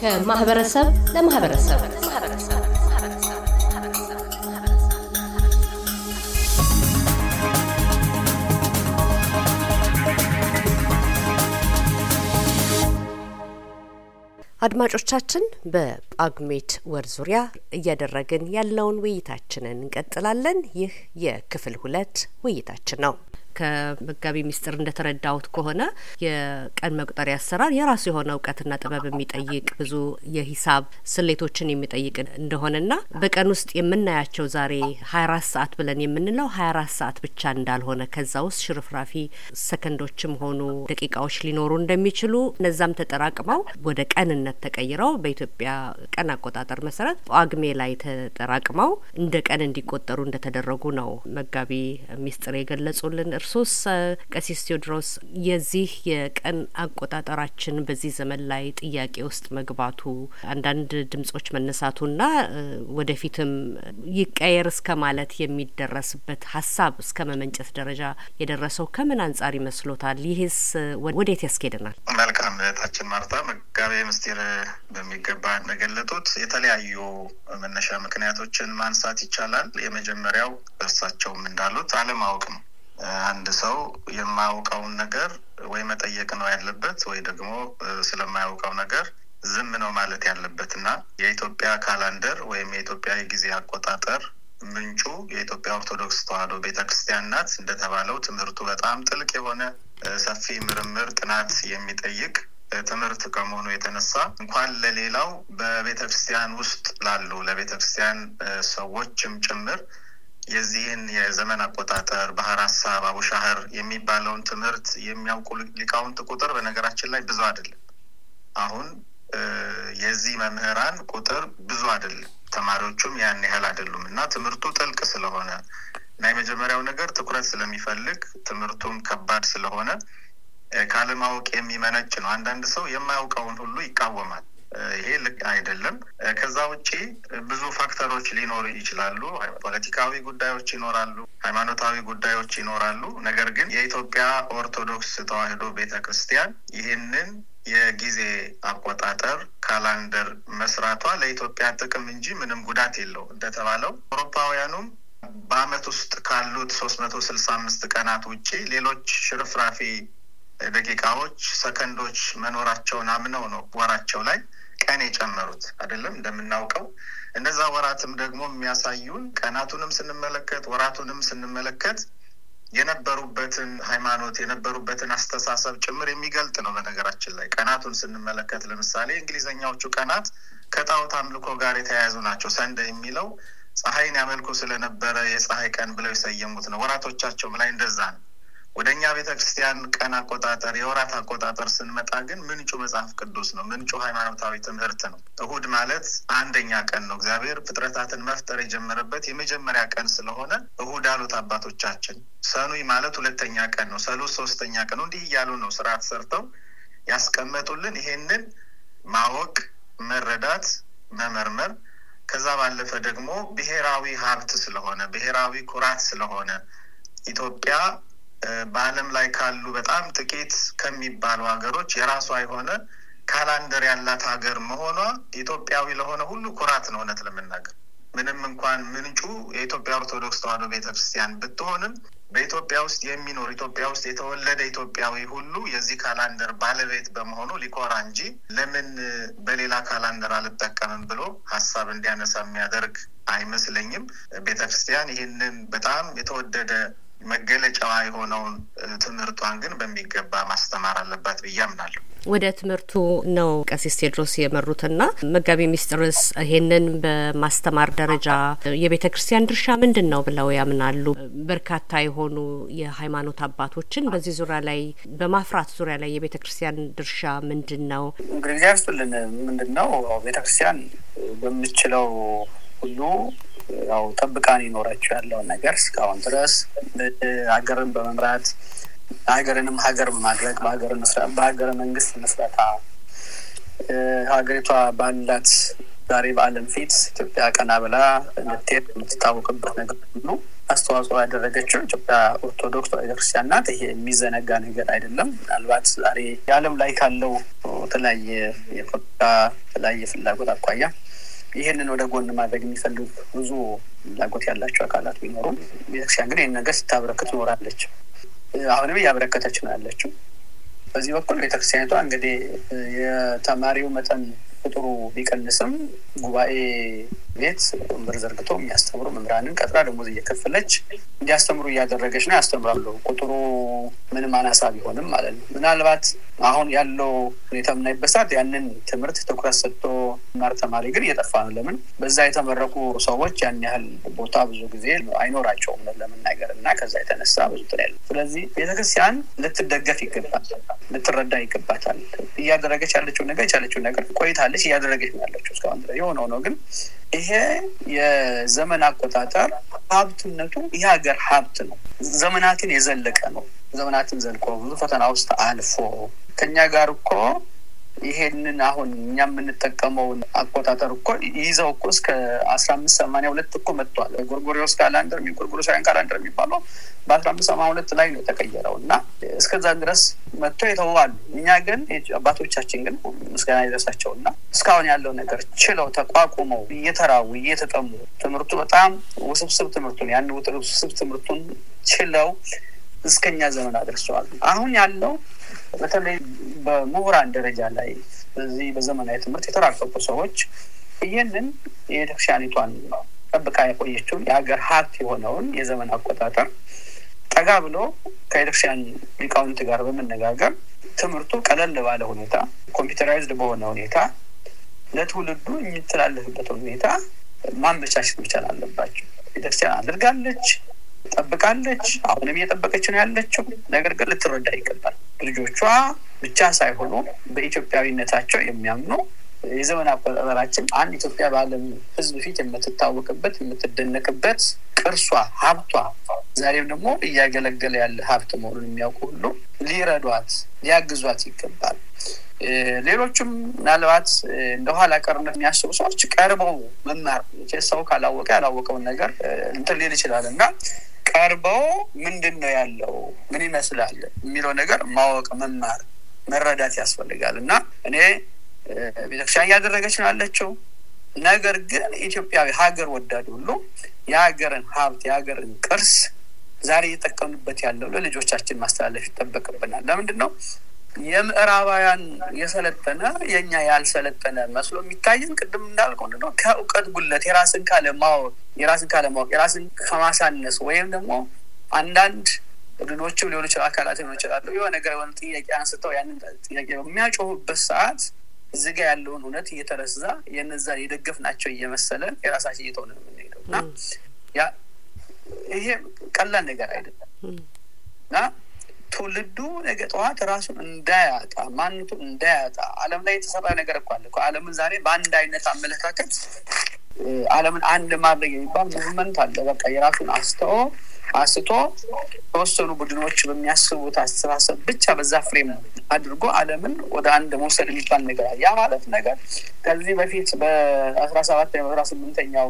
ከማህበረሰብ ለማህበረሰብ አድማጮቻችን በጳጉሜት ወር ዙሪያ እያደረግን ያለውን ውይይታችንን እንቀጥላለን። ይህ የክፍል ሁለት ውይይታችን ነው። ከመጋቢ ሚስጥር እንደተረዳሁት ከሆነ የቀን መቁጠሪያ አሰራር የራሱ የሆነ እውቀትና ጥበብ የሚጠይቅ ብዙ የሂሳብ ስሌቶችን የሚጠይቅ እንደሆነና በቀን ውስጥ የምናያቸው ዛሬ ሀያ አራት ሰዓት ብለን የምንለው ሀያ አራት ሰዓት ብቻ እንዳልሆነ ከዛ ውስጥ ሽርፍራፊ ሰከንዶችም ሆኑ ደቂቃዎች ሊኖሩ እንደሚችሉ እነዛም ተጠራቅመው ወደ ቀንነት ተቀይረው በኢትዮጵያ ቀን አቆጣጠር መሰረት ጳጉሜ ላይ ተጠራቅመው እንደ ቀን እንዲቆጠሩ እንደተደረጉ ነው መጋቢ ሚስጥር የገለጹልን። እርሶስ ቀሲስ ቴዎድሮስ የዚህ የቀን አቆጣጠራችን በዚህ ዘመን ላይ ጥያቄ ውስጥ መግባቱ አንዳንድ ድምጾች መነሳቱና ወደፊትም ይቀየር እስከ ማለት የሚደረስበት ሀሳብ እስከ መመንጨት ደረጃ የደረሰው ከምን አንጻር ይመስሎታል? ይህስ ወዴት ያስኬደናል? መልካም እህታችን ማርታ መጋቤ ምስጢር በሚገባ እንደገለጡት የተለያዩ መነሻ ምክንያቶችን ማንሳት ይቻላል። የመጀመሪያው እርሳቸውም እንዳሉት አለማወቅ ነው። አንድ ሰው የማያውቀውን ነገር ወይ መጠየቅ ነው ያለበት ወይ ደግሞ ስለማያውቀው ነገር ዝም ነው ማለት ያለበት እና የኢትዮጵያ ካላንደር ወይም የኢትዮጵያ የጊዜ አቆጣጠር ምንጩ የኢትዮጵያ ኦርቶዶክስ ተዋህዶ ቤተክርስቲያን ናት። እንደተባለው ትምህርቱ በጣም ጥልቅ የሆነ ሰፊ ምርምር ጥናት የሚጠይቅ ትምህርት ከመሆኑ የተነሳ እንኳን ለሌላው በቤተክርስቲያን ውስጥ ላሉ ለቤተክርስቲያን ሰዎችም ጭምር የዚህን የዘመን አቆጣጠር ባህር ሀሳብ አቡሻህር የሚባለውን ትምህርት የሚያውቁ ሊቃውንት ቁጥር በነገራችን ላይ ብዙ አይደለም። አሁን የዚህ መምህራን ቁጥር ብዙ አይደለም፣ ተማሪዎቹም ያን ያህል አይደሉም እና ትምህርቱ ጥልቅ ስለሆነ እና የመጀመሪያው ነገር ትኩረት ስለሚፈልግ ትምህርቱም ከባድ ስለሆነ ካለማወቅ የሚመነጭ ነው። አንዳንድ ሰው የማያውቀውን ሁሉ ይቃወማል። ይሄ ልክ አይደለም። ከዛ ውጪ ብዙ ፋክተሮች ሊኖሩ ይችላሉ። ፖለቲካዊ ጉዳዮች ይኖራሉ፣ ሃይማኖታዊ ጉዳዮች ይኖራሉ። ነገር ግን የኢትዮጵያ ኦርቶዶክስ ተዋሕዶ ቤተ ክርስቲያን ይህንን የጊዜ አቆጣጠር ካላንደር መስራቷ ለኢትዮጵያ ጥቅም እንጂ ምንም ጉዳት የለው። እንደተባለው አውሮፓውያኑም በአመት ውስጥ ካሉት ሶስት መቶ ስልሳ አምስት ቀናት ውጪ ሌሎች ሽርፍራፊ ደቂቃዎች፣ ሰከንዶች መኖራቸውን አምነው ነው ወራቸው ላይ ቀን የጨመሩት አይደለም እንደምናውቀው። እነዛ ወራትም ደግሞ የሚያሳዩን ቀናቱንም ስንመለከት ወራቱንም ስንመለከት የነበሩበትን ሃይማኖት የነበሩበትን አስተሳሰብ ጭምር የሚገልጥ ነው። በነገራችን ላይ ቀናቱን ስንመለከት ለምሳሌ እንግሊዘኛዎቹ ቀናት ከጣውት አምልኮ ጋር የተያያዙ ናቸው። ሰንደ የሚለው ፀሐይን ያመልኩ ስለነበረ የፀሐይ ቀን ብለው የሰየሙት ነው። ወራቶቻቸውም ላይ እንደዛ ነው። ቤተ ክርስቲያን ቀን አቆጣጠር የወራት አቆጣጠር ስንመጣ ግን ምንጩ መጽሐፍ ቅዱስ ነው። ምንጩ ሃይማኖታዊ ትምህርት ነው። እሁድ ማለት አንደኛ ቀን ነው። እግዚአብሔር ፍጥረታትን መፍጠር የጀመረበት የመጀመሪያ ቀን ስለሆነ እሁድ አሉት አባቶቻችን። ሰኑይ ማለት ሁለተኛ ቀን ነው። ሰሉስ ሶስተኛ ቀን ነው። እንዲህ እያሉ ነው ስርዓት ሰርተው ያስቀመጡልን። ይሄንን ማወቅ፣ መረዳት፣ መመርመር ከዛ ባለፈ ደግሞ ብሔራዊ ሀብት ስለሆነ ብሔራዊ ኩራት ስለሆነ ኢትዮጵያ በዓለም ላይ ካሉ በጣም ጥቂት ከሚባሉ ሀገሮች የራሷ የሆነ ካላንደር ያላት ሀገር መሆኗ ኢትዮጵያዊ ለሆነ ሁሉ ኩራት ነው። እውነት ለመናገር ምንም እንኳን ምንጩ የኢትዮጵያ ኦርቶዶክስ ተዋሕዶ ቤተክርስቲያን ብትሆንም በኢትዮጵያ ውስጥ የሚኖር ኢትዮጵያ ውስጥ የተወለደ ኢትዮጵያዊ ሁሉ የዚህ ካላንደር ባለቤት በመሆኑ ሊኮራ እንጂ ለምን በሌላ ካላንደር አልጠቀምም ብሎ ሀሳብ እንዲያነሳ የሚያደርግ አይመስለኝም። ቤተክርስቲያን ይህንን በጣም የተወደደ መገለጫዋ የሆነውን ትምህርቷን ግን በሚገባ ማስተማር አለባት ብዬ አምናለሁ። ወደ ትምህርቱ ነው ቀሲስ ቴድሮስ የመሩትና መጋቢ ሚስጥርስ ይሄንን በማስተማር ደረጃ የቤተ ክርስቲያን ድርሻ ምንድን ነው ብለው ያምናሉ? በርካታ የሆኑ የሃይማኖት አባቶችን በዚህ ዙሪያ ላይ በማፍራት ዙሪያ ላይ የቤተ ክርስቲያን ድርሻ ምንድን ነው? እንግዲህ እግዚአብሔር ምንድን ነው ቤተ ክርስቲያን በምችለው ሁሉ ያው ጠብቃን ይኖራቸው ያለውን ነገር እስካሁን ድረስ ሀገርን በመምራት ሀገርንም ሀገር በማድረግ በሀገረ መንግስት መስረታ ሀገሪቷ ባላት ዛሬ በዓለም ፊት ኢትዮጵያ ቀና ብላ እንድትሄድ የምትታወቅበት ነገር ሁሉ አስተዋጽኦ ያደረገችው ኢትዮጵያ ኦርቶዶክስ ቤተክርስቲያን ናት። ይሄ የሚዘነጋ ነገር አይደለም። ምናልባት ዛሬ የዓለም ላይ ካለው የተለያየ የፖለቲካ የተለያየ ፍላጎት አኳያ ይህንን ወደ ጎን ማድረግ የሚፈልጉ ብዙ ፍላጎት ያላቸው አካላት ቢኖሩም ቤተክርስቲያን ግን ይህን ነገር ስታበረክት ትኖራለች። አሁንም እያበረከተች ነው ያለችው። በዚህ በኩል ቤተክርስቲያኒቷ እንግዲህ የተማሪው መጠን ቁጥሩ ቢቀንስም ጉባኤ ቤት ወንበር ዘርግቶ የሚያስተምሩ መምህራንን ቀጥራ ደሞዝ እየከፈለች እንዲያስተምሩ እያደረገች ነው። ያስተምራሉ። ቁጥሩ ምንም አናሳ ቢሆንም ማለት ነው። ምናልባት አሁን ያለው ሁኔታ የምናይበት ሰዓት ያንን ትምህርት ትኩረት ሰጥቶ ማር ተማሪ ግን እየጠፋ ነው። ለምን በዛ የተመረቁ ሰዎች ያን ያህል ቦታ ብዙ ጊዜ አይኖራቸውም ለመናገር እና ከዛ የተነሳ ብዙ ጥር ያለ። ስለዚህ ቤተክርስቲያን ልትደገፍ ይገባል፣ ልትረዳ ይገባታል። እያደረገች ያለችው ነገር የቻለችው ነገር ቆይታለች፣ እያደረገች ነው ያለችው እስካሁን ድረስ። የሆነው ነው ግን ይሄ የዘመን አቆጣጠር ሀብትነቱ የሀገር ሀብት ነው፣ ዘመናትን የዘለቀ ነው። ዘመናትን ዘልቆ ብዙ ፈተና ውስጥ አልፎ ከኛ ጋር እኮ ይሄንን አሁን እኛ የምንጠቀመውን አቆጣጠር እኮ ይዘው እኮ እስከ አስራ አምስት ሰማኒያ ሁለት እኮ መጥቷል። ጎርጎሪዎስ ካላንደር ጎርጎሮሳውያን ካላንደር የሚባለው በአስራ አምስት ሰማንያ ሁለት ላይ ነው የተቀየረው እና እስከዛ ድረስ መጥቶ የተዋሉ እኛ ግን አባቶቻችን ግን ምስጋና ይደረሳቸው እና እስካሁን ያለው ነገር ችለው ተቋቁመው እየተራቡ እየተጠሙ ትምህርቱ በጣም ውስብስብ ትምህርቱን ያን ውስብስብ ትምህርቱን ችለው እስከኛ ዘመን አድርሰዋል። አሁን ያለው በተለይ በምሁራን ደረጃ ላይ በዚህ በዘመናዊ ትምህርት የተራቀቁ ሰዎች ይህንን የቤተክርስቲያኒቷን ጠብቃ የቆየችውን የሀገር ሀብት የሆነውን የዘመን አቆጣጠር ጠጋ ብሎ ከቤተክርስቲያን ሊቃውንት ጋር በመነጋገር ትምህርቱ ቀለል ባለ ሁኔታ ኮምፒውተራይዝድ በሆነ ሁኔታ ለትውልዱ የሚተላለፍበትን ሁኔታ ማመቻቸት መቻል አለባቸው። ቤተክርስቲያን አድርጋለች። ጠብቃለች፣ አሁንም እየጠበቀች ነው ያለችው። ነገር ግን ልትረዳ ይገባል። ልጆቿ ብቻ ሳይሆኑ በኢትዮጵያዊነታቸው የሚያምኑ የዘመን አቆጣጠራችን አንድ ኢትዮጵያ በዓለም ሕዝብ ፊት የምትታወቅበት የምትደነቅበት ቅርሷ፣ ሀብቷ ዛሬም ደግሞ እያገለገለ ያለ ሀብት መሆኑን የሚያውቁ ሁሉ ሊረዷት ሊያግዟት ይገባል። ሌሎችም ምናልባት እንደ ኋላ ቀርነት የሚያስቡ ሰዎች ቀርበው መማር ሰው ካላወቀ ያላወቀውን ነገር እንትን ሊል ይችላል እና ቀርበው ምንድን ነው ያለው ምን ይመስላል የሚለው ነገር ማወቅ መማር መረዳት ያስፈልጋል እና እኔ ቤተክርስቲያን እያደረገች ነው ያለችው ነገር ግን ኢትዮጵያዊ ሀገር ወዳድ ሁሉ የሀገርን ሀብት የሀገርን ቅርስ ዛሬ እየጠቀምንበት ያለው ለልጆቻችን ማስተላለፍ ይጠበቅብናል ለምንድን ነው የምዕራባውያን የሰለጠነ የእኛ ያልሰለጠነ መስሎ የሚታየን ቅድም እንዳልከው ምንድን ነው ከእውቀት ጉለት የራስን ካለማወቅ የራስን ካለማወቅ የራስን ከማሳነስ ወይም ደግሞ አንዳንድ ቡድኖችም ሊሆኑ ይችላል አካላት ሊሆኑ ይችላሉ። የሆነ ነገር የሆነ ጥያቄ አንስተው ያንን ጥያቄ በሚያጮሁበት ሰዓት እዚህ ጋር ያለውን እውነት እየተረዛ የነዛ የደገፍ ናቸው እየመሰለን የራሳችን እየተሆነ የምንሄደው እና ያ ይሄ ቀላል ነገር አይደለም እና ትውልዱ ነገ ጠዋት ራሱን እንዳያጣ ማንቱ እንዳያጣ አለም ላይ የተሰራ ነገር እኮ አለ። አለምን ዛሬ በአንድ አይነት አመለካከት አለምን አንድ ማድረግ የሚባል ሙቭመንት አለ። በቃ የራሱን አስተው አስቶ ተወሰኑ ቡድኖች በሚያስቡት አስተሳሰብ ብቻ በዛ ፍሬም አድርጎ አለምን ወደ አንድ መውሰድ የሚባል ነገር ያ ማለት ነገር ከዚህ በፊት በአስራ ሰባተኛው በአስራ ስምንተኛው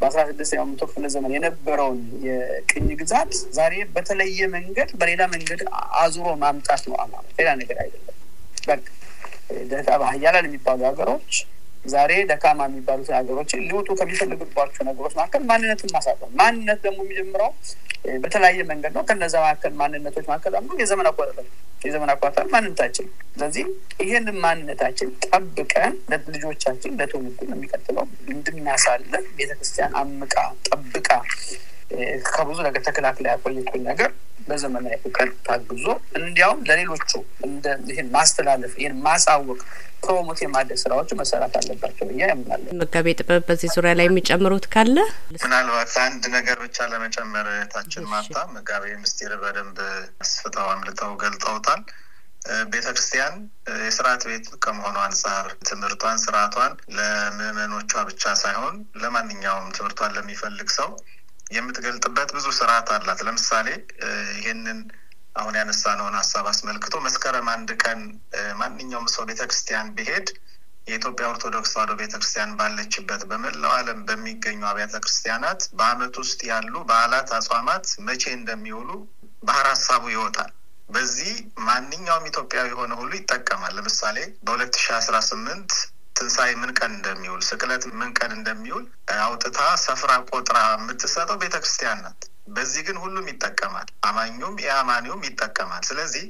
በአስራ ስድስተኛው መቶ ክፍለ ዘመን የነበረውን የቅኝ ግዛት ዛሬ በተለየ መንገድ በሌላ መንገድ አዙሮ ማምጣት ነው። አማ ሌላ ነገር አይደለም። በቃ ባህያላል የሚባሉ ሀገሮች ዛሬ ደካማ የሚባሉት ሀገሮች ሊወጡ ከሚፈልግባቸው ነገሮች መካከል ማንነትን ማሳጠር። ማንነት ደግሞ የሚጀምረው በተለያየ መንገድ ነው። ከነዛ መካከል ማንነቶች መካከል አንዱ የዘመን አቆጣጠር፣ የዘመን አቆጣጠር ማንነታችን። ስለዚህ ይህን ማንነታችን ጠብቀን ለልጆቻችን ለትውልዱ የሚቀጥለው እንድናሳለን ቤተክርስቲያን አምቃ ጠብቃ ከብዙ ነገር ተከላክላ ያቆየችን ነገር በዘመናዊ እውቀት ታግዞ እንዲያውም ለሌሎቹ ይህን ማስተላለፍ ይህን ማሳወቅ ፕሮሞት የማድረግ ስራዎች መሰራት አለባቸው ብዬ ያምናለን። መጋቤ ጥበብ በዚህ ዙሪያ ላይ የሚጨምሩት ካለ ምናልባት አንድ ነገር ብቻ ለመጨመር እህታችን ማርታ መጋቤ ምስጢር በደንብ አስፍተው አምልተው ገልጠውታል። ቤተ ክርስቲያን የስርዓት ቤት ከመሆኑ አንጻር ትምህርቷን ስርዓቷን ለምዕመኖቿ ብቻ ሳይሆን ለማንኛውም ትምህርቷን ለሚፈልግ ሰው የምትገልጥበት ብዙ ስርዓት አላት። ለምሳሌ ይህንን አሁን ያነሳነውን ሀሳብ አስመልክቶ መስከረም አንድ ቀን ማንኛውም ሰው ቤተክርስቲያን ቢሄድ የኢትዮጵያ ኦርቶዶክስ ተዋሕዶ ቤተክርስቲያን ባለችበት በመላው ዓለም በሚገኙ አብያተ ክርስቲያናት በዓመት ውስጥ ያሉ በዓላት፣ አጽዋማት መቼ እንደሚውሉ ባህር ሀሳቡ ይወጣል። በዚህ ማንኛውም ኢትዮጵያዊ የሆነ ሁሉ ይጠቀማል። ለምሳሌ በሁለት ሺ አስራ ስምንት ትንሣኤ ምን ቀን እንደሚውል፣ ስቅለት ምን ቀን እንደሚውል አውጥታ ሰፍራ ቆጥራ የምትሰጠው ቤተ ክርስቲያን ናት። በዚህ ግን ሁሉም ይጠቀማል፣ አማኙም የአማኒውም ይጠቀማል። ስለዚህ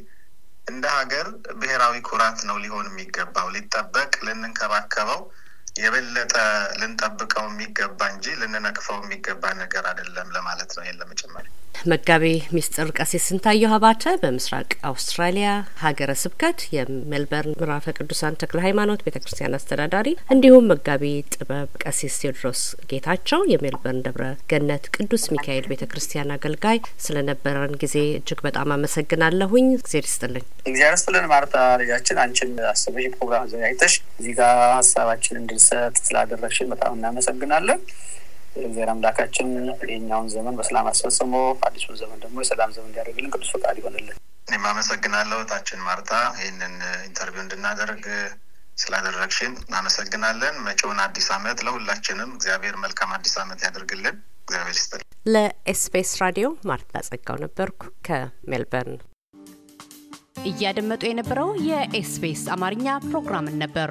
እንደ ሀገር ብሔራዊ ኩራት ነው ሊሆን የሚገባው፣ ሊጠበቅ ልንንከባከበው የበለጠ ልንጠብቀው የሚገባ እንጂ ልንነቅፈው የሚገባ ነገር አይደለም ለማለት ነው። ይህን ለመጨመር መጋቤ ሚስጥር ቀሴ ስንታየሁ አባተ በምስራቅ አውስትራሊያ ሀገረ ስብከት የሜልበርን ምዕራፈ ቅዱሳን ተክለ ሃይማኖት ቤተ ክርስቲያን አስተዳዳሪ፣ እንዲሁም መጋቤ ጥበብ ቀሴስ ቴዎድሮስ ጌታቸው የሜልበርን ደብረ ገነት ቅዱስ ሚካኤል ቤተ ክርስቲያን አገልጋይ፣ ስለነበረን ጊዜ እጅግ በጣም አመሰግናለሁኝ። እግዜር ይስጥልኝ። እግዚአብሔር ይስጥልን። ማርታ ልጃችን፣ አንቺን አስበሽ ፕሮግራም አዘጋጅተሽ እዚህ ጋር ሀሳባችን እንድን ፍልሰት ስላደረግሽን በጣም እናመሰግናለን። እግዚአብሔር አምላካችን የኛውን ዘመን በሰላም አስፈጽሞ አዲሱን ዘመን ደግሞ የሰላም ዘመን እንዲያደርግልን ቅዱስ ፈቃድ ይሆንልን። እኔም አመሰግናለሁ ታችን ማርታ ይህንን ኢንተርቪው እንድናደርግ ስላደረግሽን እናመሰግናለን። መጪውን አዲስ ዓመት ለሁላችንም እግዚአብሔር መልካም አዲስ ዓመት ያደርግልን። እግዚአብሔር ይስጥልን። ለኤስቢኤስ ራዲዮ ማርታ ጸጋው ነበርኩ ከሜልበርን። እያደመጡ የነበረው የኤስቢኤስ አማርኛ ፕሮግራምን ነበር።